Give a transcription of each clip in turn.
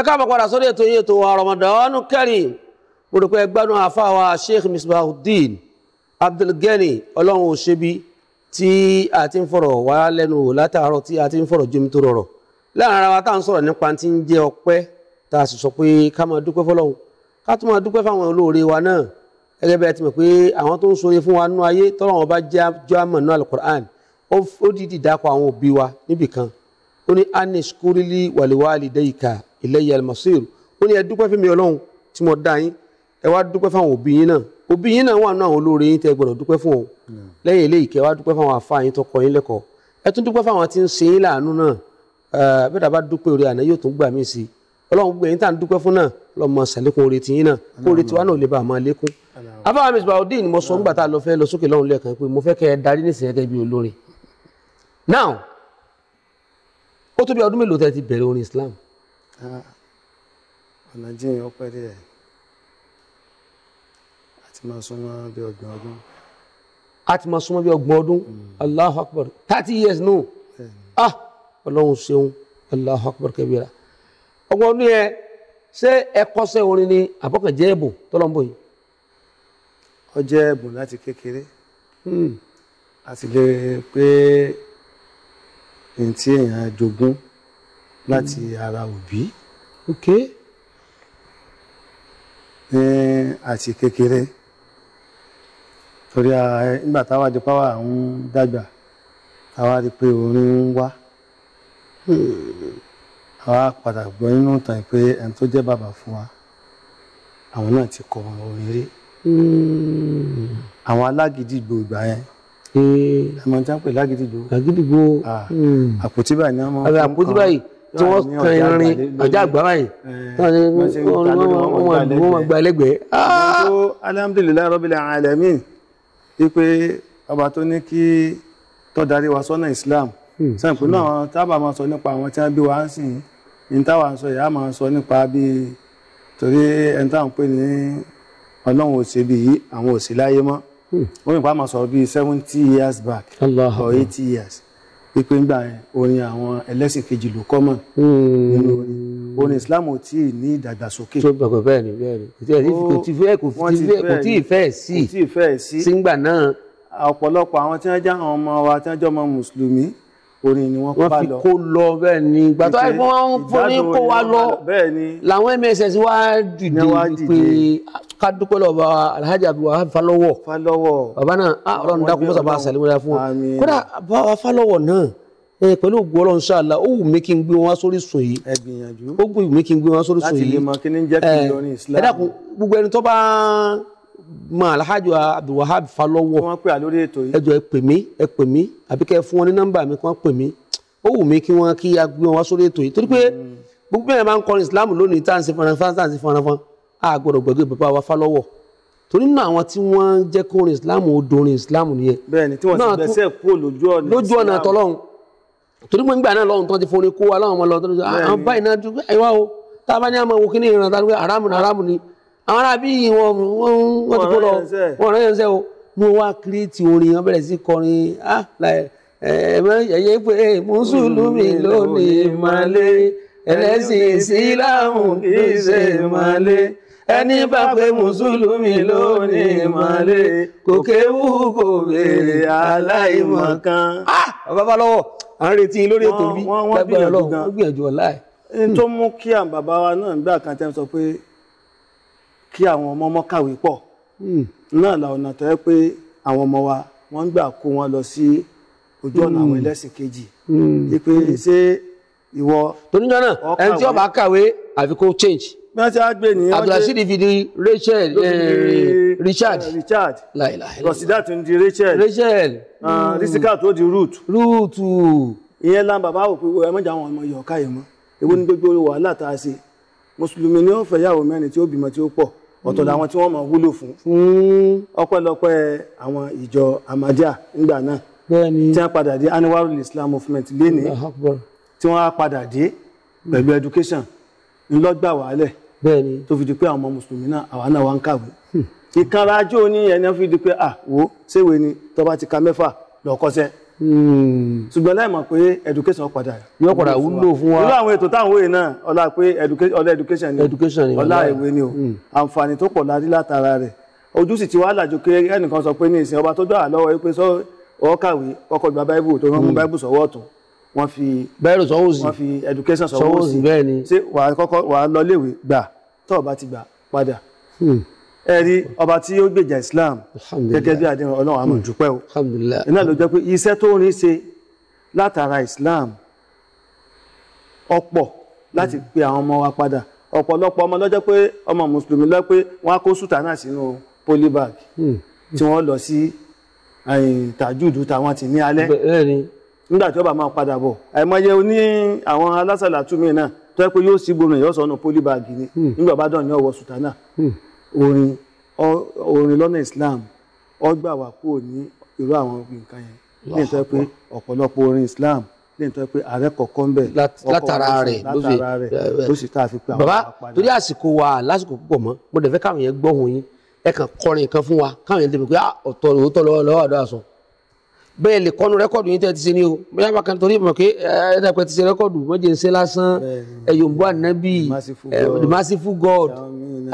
ẹ káàbọ̀ padà sórí ètò yìí ètò wa Ramadan Kareem mo rò pé ẹgbẹ́nu Sheikh Misbahuddin Abdulgani ọlọ́run òṣèbí tí a ti ń fọ̀rọ̀ wá lẹ́nu wò látàárọ̀ tí a ti ń fọ̀rọ̀ jómi tó rọrọ̀ láàrin ara wa tá à ń sọ̀rọ̀ nípa tí ń jẹ́ ọpẹ́ tá a sì sọ pé ká máa dúpẹ́ fọlọ́run ká tún máa dúpẹ́ fáwọn olóore wa náà gẹ́gẹ́ bí ti mọ̀ pé àwọn tó ń ṣoore fún wa nú ayé tọ́lọ́run bá já jámọ̀ nú alukur'an ó dídì dákọ̀ àwọn òbí wa níbìkan ó ní anis kúrílì wàlíwàlì dẹ́yìká ilayya al-masir ó ní ẹ dúpẹ́ fún mi ọlọ́run tí mo dá yín ẹ wá dúpẹ́ fáwọn òbí yín náà òbí yín náà wà nínú àwọn olóore yín tẹ́ gbọ́dọ̀ dúpẹ́ fún ọ lẹ́yìn eléyìí kẹ́ wá dúpẹ́ fáwọn àfa yín tó kọ́ yín lẹ́kọ̀ọ́ ẹ tún dúpẹ́ fáwọn tí ń ṣe yín láàánú náà bẹ́ẹ̀ dábàá dúpẹ́ orí àná yóò tún gbà mí sí i ọlọ́run gbẹ̀yìn tá à ń dúpẹ́ fún náà lọ́mọ sàlékún orí tiyín náà kó orí tiwa náà lè bá a máa lékún. afáwọn mr odin mo sọ nígbà tá a lọ fẹ́ lọ sókè lọ́run lẹ́ẹ̀kan pé mo fẹ́ kẹ́ ẹ darí nísìnyẹn gẹ́gẹ́ bí olórin. now ó tó bí ọdún mélòó tẹ́ ti bẹ̀rẹ̀ orin Islam ọ̀nà jíyìn ọpẹ́ díẹ̀ àti máa súnmọ́ bí ọgbọ̀n ọdún. àti máa súnmọ́ bí ọgbọ̀n ọdún hmm. Allahu Akbar years no ah ọlọ́run ṣeun Allahu Akbar kabira ọgbọ̀n ọdún yẹn ṣé ẹ̀kọ́ṣẹ́ orin ni àbọ̀kànjẹ́ ẹ̀bùn tọ́lọ́mbọ̀ yìí. ó jẹ́ ẹ̀bùn láti kékeré hmm. a sì lè pé ntí èèyàn jogún láti ara òbí ok àti kékeré torí nígbà táwa di pàwọ́ àwọn dàgbà táwa rí pé orin ń wá àwa padà gbọ́ nínú ìtàn pé ẹni tó jẹ́ bàbá fún wa àwọn náà ti kọ orin rí hmm. àwọn alágídígbò ìgbà yẹn eh. ẹ mọ̀ ní tí wọ́n pè lágídígbò àgídígbò ah, hmm. àpótí báyìí ni wọ́n mọ̀ ń kọ́ àpótí báyìí tí wọ́n kan irin ọjà àgbára yìí eh, wọ́n máa gba ẹlẹ́gbẹ̀ẹ́. Ah! alhamdulilayi rabbil alamin ipe ọba tó ní kí tó wa sọ́nà islam hmm. sẹ́yìn pé náà tábà máa sọ nípa àwọn tí wọ́n bí wa ń sìn ní táwa ń sọ yìí á máa sọ nípa bí torí ẹni táwọn pè ní ọlọ́run ò yìí àwọn ò sí láyé mọ́ yìí hmm. pa máa sọ bí seventy years back or eighty years pípé ńgbà orin àwọn ẹlẹ́sìn kejì ló kọ́mọ̀ hmm. nínú orin orin Islam ò tí ì ní ìdàgbàsókè. tó gbàgbọ́ bẹ́ẹ̀ ni bẹ́ẹ̀ ni kò tí fẹ́ kò tí ì fẹ́ sí sígbà náà. ọ̀pọ̀lọpọ̀ àwọn tí wọ́n jẹ́ àwọn ọmọ wa tí wọ́n jẹ́ ọmọ mùsùlùmí orin ni wọ́n pa lọ. wọ́n fi kó lọ bẹ́ẹ̀ ni ìgbà tó àìpọ́n wọn fún ní kó wa lọ làwọn mss wá dìde pé ká dúpẹ́ lọ bá alhaji abdulwahab falọ́wọ̀ bàbá náà a ah, ọlọ́run dákun mọ́sà bá sàlẹ̀ wọlé fún wọn kódà bàbá falọ́wọ̀ náà pẹ̀lú ògbó ọlọ́run ṣáàlà ó wù mí kí n gbé wọn sórí sùn yìí ó wù mí kí n gbé wọn sórí sùn yìí láti lè mọ kí ni jẹ́ kí n lọ ní islam ẹ dákun gbogbo ẹni tó bá mọ alhaji abdulwahab falọwọ wọn pè lórí ètò yìí ẹjọ ẹ pè mí ẹ pè mí àbí kẹ fún wọn ní nọ́mbà mi kí wọn pè mí ó wù mí kí wọn kí a gbé wọn wá sórí ètò yìí torí pé gbogbo bẹ́ẹ̀ máa ń kọrin islam lónìí tá à ń ṣe fanafan tá à ń ṣe fanafan a gbọ́dọ̀ gbẹgbẹ bàbá wa falọwọ torí náà àwọn tí wọn jẹ kórin islam ó dorin islam nìyẹn. bẹ́ẹ̀ni tí wọn ti gbẹsẹ̀ kúrò lójú ọ̀nà islam lójú ọ̀nà tọlọ́run torí pé nígbà náà lọ́run tó ti forin kó wa láwọn ọmọ lọ́run tó ti sọ ah, àwọn báyìí náà dúró ẹ̀wá o tá a bá ní àmọ́ wo kí ni ìran tá a dúró aráàmù ni aráàmù ni àwọn ará bí wọn wọn ti kó lọ wọn rán yẹnsẹ o mo wá kírètì orin wọn bẹ̀rẹ̀ sí kọrin ah ẹ̀mọ́ yẹ̀yẹ́ pé mùsùlùmí lónìí ìmàle ẹlẹ́sìn ìsìláàmù kìí ṣe ìmàle ẹni bá pé mùsùlùmí lónìí ìmàle kò kéwú kò béèrè aláìmọ̀kan. Ah, bàbá lọ́wọ́ à ń retí lórí ètò bí lágbára Ọlọ́run ó gbìyànjú ọ̀la ẹ̀. tó mú kí àwọn bàbá wa náà gbà kan tẹ́ sọ pé kí àwọn ọmọ ọmọ kàwé pọ̀ hmm. náà la ọ̀nà tó yẹ pé àwọn ọmọ wa wọ́n ń gbà kó wọn lọ sí ojú ọ̀nà àwọn hmm. ẹlẹ́sìn kejì hmm. pé ṣé ìwọ toníjọ náà ẹni tí ó kàwé àfi kó change bí wọ́n ti á gbé nìyẹn abdulrasheed fi di rachel eh, richard eh, richard rosida tún di rachel rachel risika ah, tó di root root ìyẹn lan bàbá wò pé ẹ mọ̀jà àwọn ọmọ yọ̀ọ̀ká yẹn mọ́ ewu ní gbogbo wàhálà tá a ṣe mùsùlùmí ni ó fẹ́ yàwó mẹ́rin tí ó bímọ tí ó pọ̀ ọ̀tọ̀ làwọn tí wọ́n mọ̀ wúlò fún ọpẹ́lọpẹ́ àwọn ìjọ Ahmadiyya nígbà náà tí wọ́n padà dé Anwarul Islam movement lénìí tí wọ́n á padà dé pẹ̀lú education ńlọ́gbà wàhálẹ̀ tó fi di pé àwọn ọmọ mùsùlùmí náà àwa náà wá ń kàwé hmm. ìkanra ajó ní ẹni fi di pé à séwèé ni tó ti ka mẹ́fà lọ́kọ́sẹ́ ṣùgbọ́n láì mọ̀ pé education padà yóò padà wúlò fún wa nínú àwọn ètò táwọn òye náà ọlá pé ọlá education ni education ni ọlá ìwé ni o hmm. àǹfààní tó pọ̀ láti látara rẹ̀ ojú sì ti wá làjò pé ẹnìkan sọ pé ní ìsìn ọba tó gbà lọ́wọ́ pé sọ ọkàwé ọkọ̀ ìgbà báíbù tó rán mú hmm. báíbù sọ́wọ́ ọ̀tún wọ́n fi bẹ́ẹ̀rù sọ́wọ́ sí wọ́n fi education sọ́wọ́ sí bẹ́ẹ̀ ni ṣé wàá kọ́kọ́ wàá lọ léèwé gbà tó bá ti gbà padà hmm ẹ̀rí ọba tí ó gbèjà islam gẹ́gẹ́ bí àdéhùn ọlọ́run àmọ̀ hmm. dúpẹ́ o iná ló jẹ́ pé iṣẹ́ tó rí ṣe látara islam ọ̀pọ̀ láti hmm. pe àwọn ọmọ wa padà ọ̀pọ̀lọpọ̀ ọmọ lọ́jọ́ pé ọmọ mùsùlùmí lọ pé wọ́n á kó sùtánà sínú polybag hmm. tí wọ́n lọ sí tàjúdù táwọn ti ní alẹ́ nígbà tí ó bá máa padà bọ̀ àìmọye ní àwọn alásàlátúmí náà tó yẹ pé yóò sí gbòmìnira yóò sọ ọ́nà polybag ni nígbà bá dàn ní ọwọ́ sùtánà orin orin lọ́nà Islam ó gbà wá kúrò ní irú àwọn nǹkan yẹn lè tọ́ pé ọ̀pọ̀lọpọ̀ orin Islam lè tọ́ pé ààrẹ kọ̀ọ̀kan ń bẹ̀ látara rẹ̀ látara rẹ̀ tó sì tá a fi pé àwọn àpàdé. bàbá torí àsìkò wa lásìkò púpọ̀ mọ́ mo dẹ̀ fẹ́ káwọn yẹn gbọ́ ohùn yín ẹ kàn kọrin kan fún wa káwọn yẹn lè mọ̀ pé ah, ọ̀tọ̀ lòótọ́ lọ́wọ́ àdó àsọ bẹ́ẹ̀ lè kọ́nu rẹ́kọ̀dù yín tẹ́ ti ṣe ni o bóyá bá torí mọ̀ pé ẹ̀ẹ́dàpẹ́ ti ṣe rẹ́kọ̀dù mọ́jẹ́ lásán ẹ̀yọ̀nbó ànábì the merciful eh, God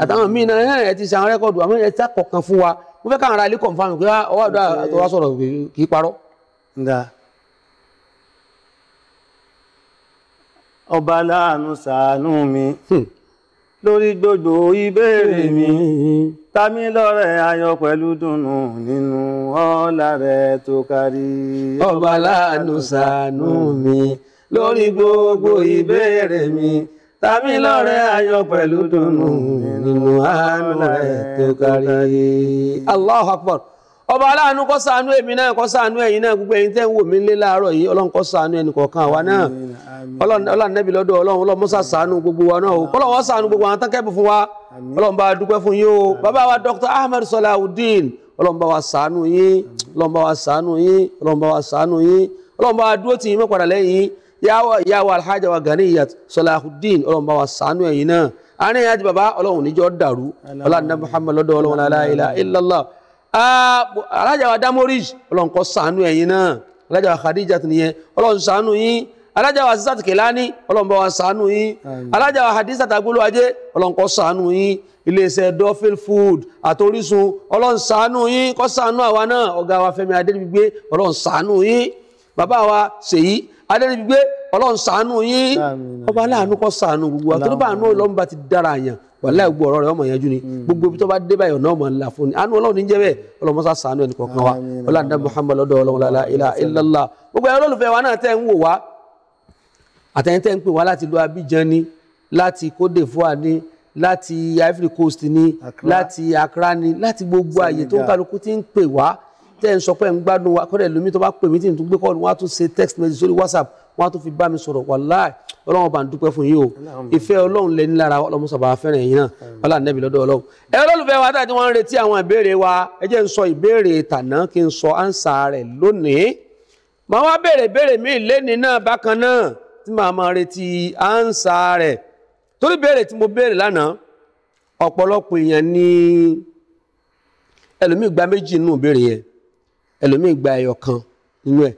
àtàwọn míì náà ẹ ti ṣe rẹ́kọ̀dù àwọn fún wa fẹ́ ilé ah, àdúrà tó wá sọ̀rọ̀ kì ọba láàánú mi hmm. lórí gbogbo ìbéèrè mi tami lọrẹ ayọ pẹ̀lú dùnnú nínú ọlá rẹ tó kárí. ọba láàánú ṣàánú mi lórí gbogbo ìbéèrè mi. tàbí lọ́rẹ́ ayọ̀ pẹ̀lú dùnú nínú àánú rẹ̀ tó kárí ayé. Allahu Akbar ọba aláàánú kó ṣàánú èmi náà kó ṣàánú ẹ̀yin náà gbogbo ẹ̀yin tẹ́ ń wò mí lé láàárọ̀ yìí ọlọ́run kó ṣàánú ẹnì kọ̀ọ̀kan àwa náà ọlọ́run nẹ́bí lọ́dọ̀ ọlọ́run ọlọ́run mọ́sà gbogbo wa náà ọlọ́run wọ́n gbogbo àwọn tákẹ́bù fún wa ọlọ́run dúpẹ́ fún yín bàbá wa Dr. Ahmed Salahuddin ọlọ́run bá wa ṣàánú yín ọlọ́run bá wa ṣàánú yín ọlọ́run bá wa ṣàánú yín ọlọ́run dúró tì yín mọ́ padà lẹ́yìn yín yàwọ yàwọ alhaja wa Ganiyat Salahuddin ọlọmọba wa sànú ẹyin náà àárín yàtí baba Ọlọ́run níjọ dàrú ọlọ́run Muhammad lọ́dọ̀ Ọlọ́run la ilaha illallah alhaja wa Damorij Ọlọ́run kọ sànú ẹyin náà alhaja wa Khadijat nìyẹn Ọlọ́run sànú yín alhaja wa Azizat Kelani Ọlọ́run bá wa sànú yín alhaja wa Hadizat Agbolowajé Ọlọ́run kọ sànú yín iléeṣẹ́ dọfil food àtòrísun Ọlọ́run sànú yín kọ sànú àwa náà ọgá wa Fẹ́mi Adébígbé Ọlọ́run sànú yín bàbá wa Ṣèyí adẹ́rìbí pé ọlọ́run ṣàánú yín ọba aláàánú kọ́ ṣàánú gbogbo àti nípa àánú ọlọ́run bá ti dára àyàn wàhálà ìgbó ọ̀rọ̀ rẹ̀ ọmọ yẹn jù ni hmm. gbogbo ibi tó bá dé báyọ̀ náà mọ̀ ńlá fún ni àánú ọlọ́run ní jẹ́ bẹ́ẹ̀ ọlọ́run sá ṣàánú ẹnì kọ̀ọ̀kan wa ọlọ́run dá Muhammadu lọ́dọ̀ ọlọ́run lálá ilá ilálá gbogbo ẹ̀rọ olùfẹ́ wa náà tẹ́ ń wò wá àtẹ̀yìn tẹ́ ń pè wá láti lu Abidjan ni láti Côte d'Ivoire ni láti Ivory Coast ni láti Accra ni láti gbogbo àyè tó ń kálukú ti ń pè wá tẹ́ ń sọ pé ń gbádùn wa kọ́dẹ̀ lómi tó bá pè mí tí n tún gbé kọ́ọ̀nù wọn tún ṣe text message sórí whatsapp wọn á tún fi bá mi sọ̀rọ̀ wàláì ọlọ́run bá ń dúpẹ́ fún yín o ìfẹ́ ọlọ́run lẹ́ni lára ọlọ́mọsọ̀bà fẹ́ràn yín náà wàlá nẹ́bí lọ́dọ̀ ọlọ́run. ẹ olólùfẹ́ wa dájú wọn ń retí àwọn ìbéèrè wa ẹ jẹ́ ń sọ ìbéèrè tàná kí n sọ ánsà rẹ̀ lónìí. màá wá béèrè béèrè míì lẹ́ni náà bákan náà tí màá máa retí ánsà rẹ̀ torí béèrè tí mo béèrè lánàá ọ̀pọ̀lọpọ̀ èèyàn ni ẹlòmíì gba méjì nínú ìbéèrè yẹn ẹlòmíì gba ẹyọ kan nínú ẹ̀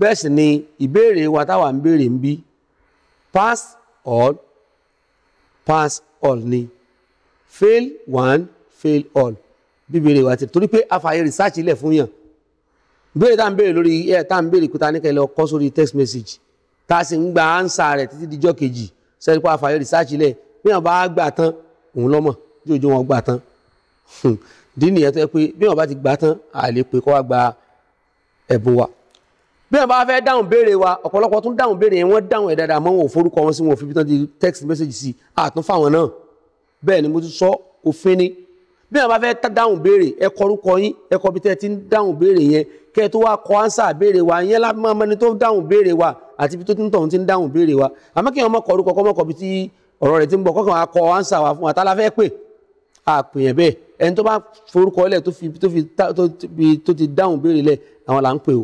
bẹ́ẹ̀ sì ni ìbéèrè wa táwa ń béèrè ń bí pass all pass all ni fail one fail all bíbèrè wa ti torí pé àfààyè research ilẹ̀ fún yàn béèrè tá à ń béèrè lórí ẹ tá à ń béèrè kúta ní kẹlẹ ọkọ sórí text message tá a sì ń gba ánsà rẹ títí dijọ́ kejì sẹ́ni pé àfààyè research ilẹ̀ bí wọn bá gbà tán òun lọ́mọ̀ tí wọn gbà tán dín nìyẹn tó yẹ pé bí wọn bá ti gbà tán à lè pè kó wá gba ẹ̀bùn wa bí wọn bá fẹ́ dáhùn béèrè wa ọ̀pọ̀lọpọ̀ tún dáhùn béèrè yẹn wọ́n dáhùn ẹ̀ mọ́ wọn ò forúkọ wọn sí wọn ò fi tán di text message sí àtún fáwọn náà bẹ́ẹ̀ ni mo ti sọ òfin ni bí wọn bá fẹ́ dáhùn béèrè ẹ kọ orúkọ yín ẹ kọ bí tẹ́ ẹ ti ń dáhùn béèrè yẹn kẹ́ ẹ tó wá kọ ánsà béèrè wa yẹn lámọ́ ọmọ ẹni tó dáhùn wa àti ibi tó ń tọ̀hún wa àmọ́ kí wọn mọ̀ kọ orúkọ kọ́ mọ̀ wa fún wa àpèyàn bẹ́ẹ̀ ẹni tó bá forúkọ lẹ̀ tó fi tó fi tó ti dáhùn béèrè lẹ̀ àwọn là ń pè o.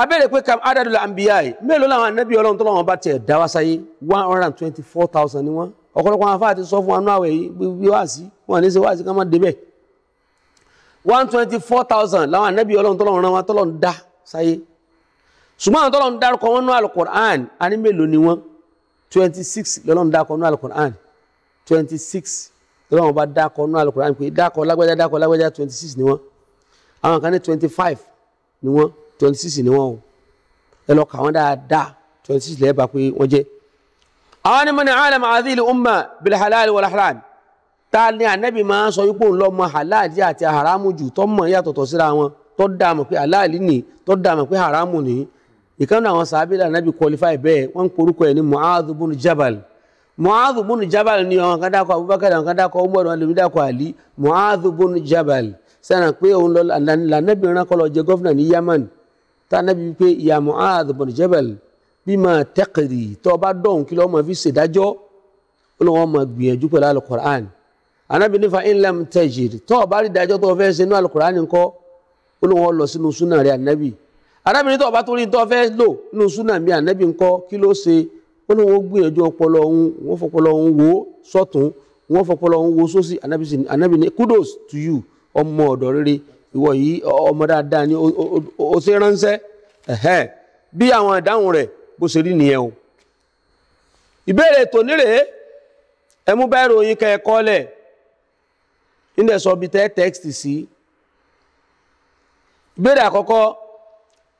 abẹ́rẹ́ pé kam adadul anbiya yìí mélòó làwọn anábì ọlọ́run tó lọ́wọ́ bá tiẹ̀ dá wá sáyé one hundred and twenty four thousand ni wọ́n ọ̀pọ̀lọpọ̀ àwọn afáà ti sọ fún wa nú àwẹ̀ yìí bí wáàsí wọn ní í ṣe wáàsí ká má débẹ̀ one twenty four thousand làwọn anábì ọlọ́run tó lọ́wọ́ rán wa tó lọ́wọ́ dá sáyé ṣùgbọ́n àwọn tó lọ́wọ́ dárúkọ wọn nú alukur'an a ní mélòó ni wọ́n twenty six lọ́wọ́ dárúkọ nú alukur'an twenty six lọ́wọ́ bá dákọ̀ nínú Al-Qur'an pé dákọ̀ lágbájá dákọ̀ lágbájá twenty six ni wọ́n àwọn kan ní twenty five ni wọ́n twenty six ni wọ́n o ẹ lọ kà wọ́n dáadáa twenty six lẹ́ẹ̀bà pé wọ́n jẹ́. àwọn ni mọ̀nà alam adil umma bil halal wal haram tá a ní anabi máa sọ ipò ńlọ mọ halal àti haramu jù tó mọ̀ yàtọ̀tọ̀ síra wọn tó dà mọ̀ pé halal ni tó dà mọ̀ pé haramu ni ìkànnì àwọn sàbílà anabi qualify bẹ́ẹ̀ wọ́n ń porúkọ ẹ̀ ní Mu'adh ibn Jabal mu'adhu bun jabal ni ọ̀hún kan dákọ̀ abubakar ọ̀hún kan dákọ̀ umar ọ̀hún dákọ̀ ali mu'adhu bun jabal sẹ́nà pé òun lọ lànàbí rán kọ́ lọ jẹ gọ́fìnà yaman tá nàbí pé ìyá mu'adhu bun jabal bima taqdi tó o bá dọ̀hún kí lọ́ọ́ máa fi ṣèdájọ́ ó lọ́wọ́ máa gbìyànjú pẹ̀lú alukur'an anabi nífa in lam tajid tó o bá rí dájọ́ tó o fẹ́ ṣe ní alukur'an ńkọ́ ó lọ́wọ́ lọ sínú súnà rẹ̀ anabi anabi ní tó o bá tó rí tó o mi anabi ńkọ́ kí ló wọ́n ní wọ́n gbìyànjú ọpọlọ ọ̀hún wọ́n fọpọlọ ọ̀hún wò ó sọ́tún wọ́n fọpọlọ ọ̀hún wò anabi ni kudos to you ọmọ ọ̀dọ̀ rere ìwọ yìí ọmọ dáadáa ni o ṣe ránṣẹ́ bí àwọn ìdáhùn rẹ̀ bó ṣe rí nìyẹn o. ìbéèrè tòní rèé ẹ mú báyìí ròyìn kẹ́ ẹ kọ́lẹ̀ nílẹ̀ sọ bíi tẹ́ tẹ́ẹ̀tì sí ìbéèrè àkọ́kọ́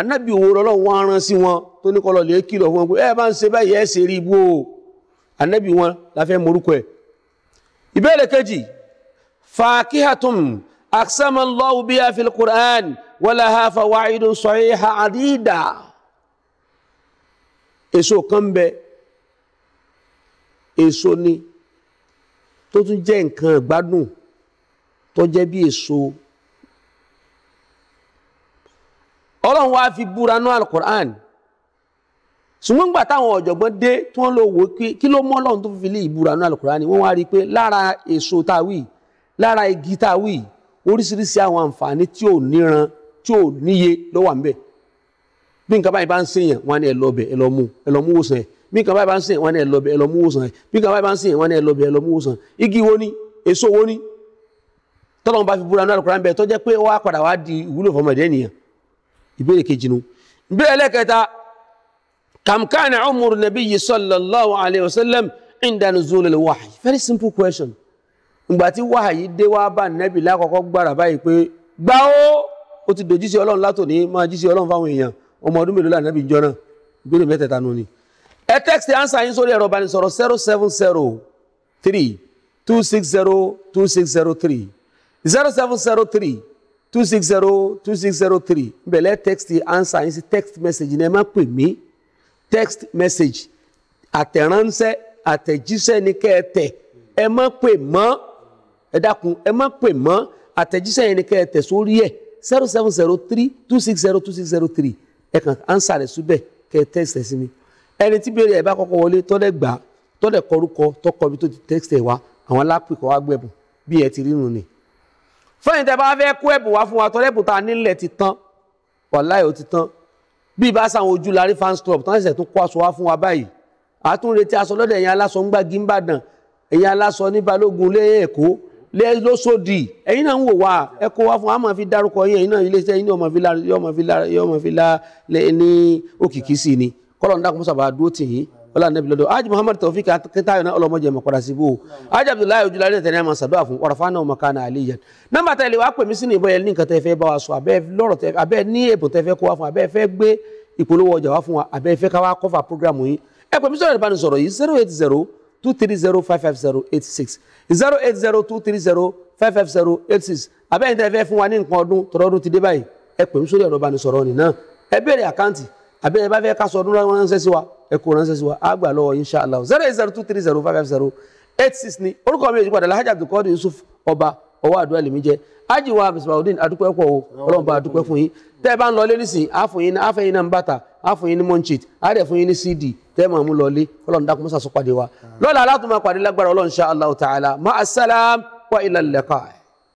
anábì òwúrọ̀ ọlọ́run wọn aran sí wọn tó ní kọlọ̀ lè kìlọ̀ fún wọn pé ẹ bá ń ṣe báyìí ẹ ṣe rí ibú o anábì wọn la fẹ́ morúkọ ẹ̀. ìbéèrè kejì fàákíhàtùm aksamallahu biha fil Qur'an walaha fawaidun sahiha adida èso kan bẹ èso ni tó tún jẹ́ nǹkan ìgbádùn tó jẹ́ bí èso ọlọ́run wá fi búra nú alukur'an ṣùgbọ́n gbà táwọn ọ̀jọ̀gbọ́n dé tí wọ́n lọ wò kí ló mọ́ ọlọ́run tó fi lé ìbúra nú alukur'an wọ́n wá rí i pé lára èso tá a wí lára igi tá a wí oríṣiríṣi àwọn àǹfààní tí ò níran tí ò níye ló wà ńbẹ̀ bí nǹkan báyìí bá ń ṣèyàn wọn ni ẹ lọ bẹ wòsàn bí nǹkan báyìí bá ń ṣèyàn wọn ni ẹ lọ wòsàn bí nǹkan báyìí bá ń ṣèyàn wọn ni ẹ lọ wòsàn igi wo ni èso wo ni tọ́lọ́mù bá fi búra nú alukur'an bẹ́ẹ̀ tó jẹ́ pé ó wá padà wá di ìwúlò fọmọdé nìyẹn ìbéèrè kejì nu ìbéèrè ẹlẹ́kẹta kamkana umuru nabiyyi sallallahu alayhi wa sallam inda nuzulil wahyi very simple question ìgbà tí wahyi dé wá bá nẹ́bì lákọ̀ọ́kọ́ gbára báyìí pé gbá ó ó ti dòjí sí ọlọ́run látòní máa jí sí ọlọ́run fáwọn èèyàn ọmọ ọdún mélòó lànà ìjọ náà ìbéèrè mẹ́tẹ̀ẹ̀ta nù ni. ẹ tẹ́kìtì ansa yín sórí ẹ̀rọ ìbánisọ̀rọ̀ zero seven zero three two two six zero two six zero three nbẹ̀lẹ̀ text answer yín sí text message ní ẹ má text message àtẹ̀ránṣẹ́ àtẹ̀jíṣẹ́ ni kẹ́ ẹ tẹ̀ ẹ má pè mọ́ ẹ dákun ẹ má pè ni kẹ́ ẹ tẹ̀ sórí ẹ̀ zero seven zero three two six zero two six zero three ẹ kàn answer rẹ̀ síbẹ̀ mi ẹni tí béèrè ẹ̀ bá kọ́kọ́ wọlé tọ́lẹ̀ gbà tọ́lẹ̀ kọrúkọ tọkọ ibi tó ti text ẹ̀ wá àwọn alápèkọ́ wá gbẹ̀bùn bí ẹ nù ni fẹ́yìn tẹ́ bá fẹ́ kó ẹ̀bùn wá fún wa tọ́lẹ̀ ẹ̀bùn tá a nílẹ̀ ti tán wàláì ó ti tán bí ibà sáwọn ojú larí fans club tán ṣẹ̀ṣẹ̀ tún kó aṣọ wá fún wa báyìí àtúnretí aṣọ lọ́dọ̀ ẹ̀yin aláṣọ ń gbági ń bàdàn ẹ̀yin aláṣọ ní balógun lé èkó lé lóṣòdì ẹ̀yin náà ń wò wá ẹ kó wá fún wa máa fi dárúkọ yín ẹ̀yin náà iléeṣẹ́ yín ní ọmọ fi la ní òkìkí sí ni kọ́lọ̀ ń dákun sábà dúró tì yín ọlá nàbí lọ́dọ̀ ajé muhammad taofik akitayo náà ọlọmọjẹ mọ padà síbò ajé abdullahi ojúlárẹ tẹ̀lé àmà sàdọ́ àfún ọ̀rọ̀fà náà ọmọ kan àlíyàn nọ́mbà tẹ lè wá pè mí sínú ìbọyẹ ní nǹkan tẹ fẹ́ bá wa sọ abẹ́ lọ́rọ̀ tẹ abẹ́ ní èbò tẹ fẹ́ kó wa fún abẹ́ fẹ́ gbé ìpolówó ọjà wa fún wa abẹ́ fẹ́ ká wa kọ́fà program yìí ẹ pè mí sọ̀rọ̀ ìbánisọ̀rọ̀ yìí zero eight zero two three zero five five zero eight six zero eight zero two three zero five five zero eight six abẹ́ yìí tẹ fẹ́ fún wa ní nǹkan ọdún tọ́lọ́dún ti dé báyìí ẹ pè mí sórí ẹ̀rọ ìbánisọ̀rọ̀ nìyẹn ẹ kó ránṣẹ́ sí wa á gbà lọ́wọ́ inshallah zero eight zero two three zero five five zero eight six ni orúkọ mi ìyípadà Alhaji Abdulkadir Yusuf ọba ọwọ́ àdúrà lèmi jẹ́ ajiwa bisimilahodin adúpẹ́ pọ̀ o ọlọ́run bá adúpẹ́ fún yín tẹ́ ẹ bá ń lọlé nísìnyí àfọyín àfẹyín náà ń bàtà àfọyín ní munchit àdẹ̀ fún yín ní cd tẹ́ ẹ máa mú lọlé ọlọ́run dákun mọ́sàsó pàdé wa lọ́la alátùmọ̀ pàdé lágbára ọlọ́run insha Allah ta'ala ma assalam wa ilal